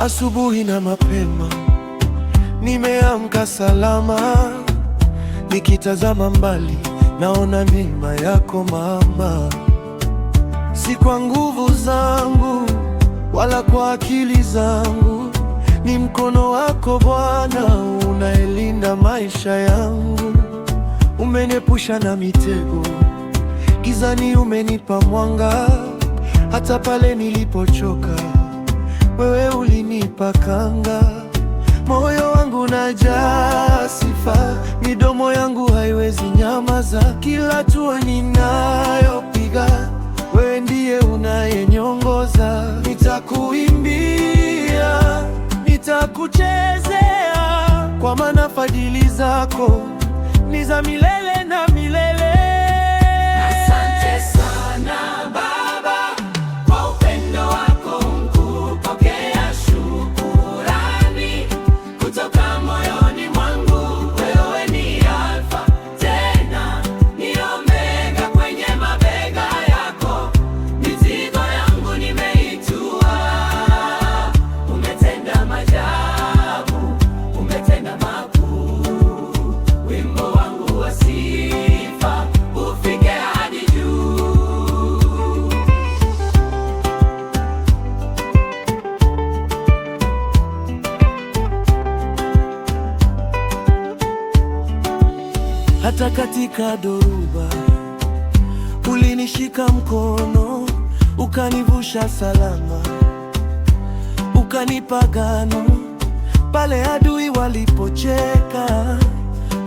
asubuhi na mapema, nimeamka salama, nikitazama mbali naona neema yako mama, si kwa nguvu zangu wala kwa akili zangu, ni mkono wako Bwana unaelinda maisha yangu. umenepusha na mitego gizani, umenipa mwanga hata pale nilipochoka wewe ulinipa kanga, moyo wangu najaa sifa, midomo yangu haiwezi nyamaza, kila tua ninayopiga wewe ndiye unayenyongoza. Nitakuimbia, nitakuchezea, kwa maana fadhili zako ni za milele na milele. hata katika dhoruba ulinishika mkono, ukanivusha salama, ukanipa pale adui walipocheka,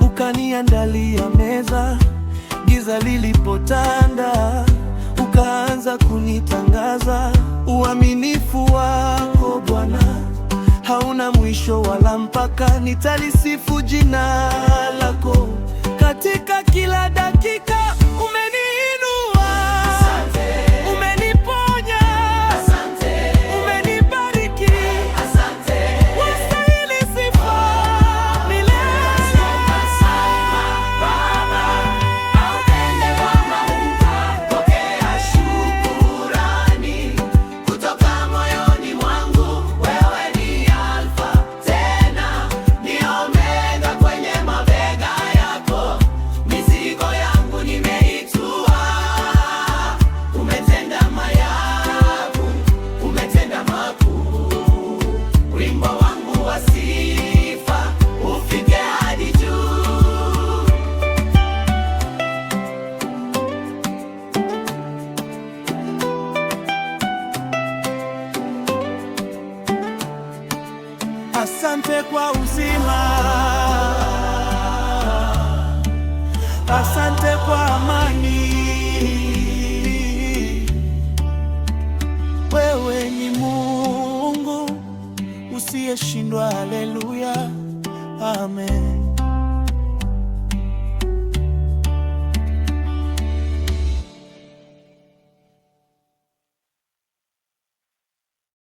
ukaniandalia meza giza lilipotanda, ukaanza kunitangaza uaminifu wako Bwana hauna mwisho wala mpaka, nitalisifu jina lako katika kila dakika ume wimbo wangu wa sifa ufike hadi juu. Asante kwa uzima, asante kwa amani asiyeshindwa. Haleluya, amen.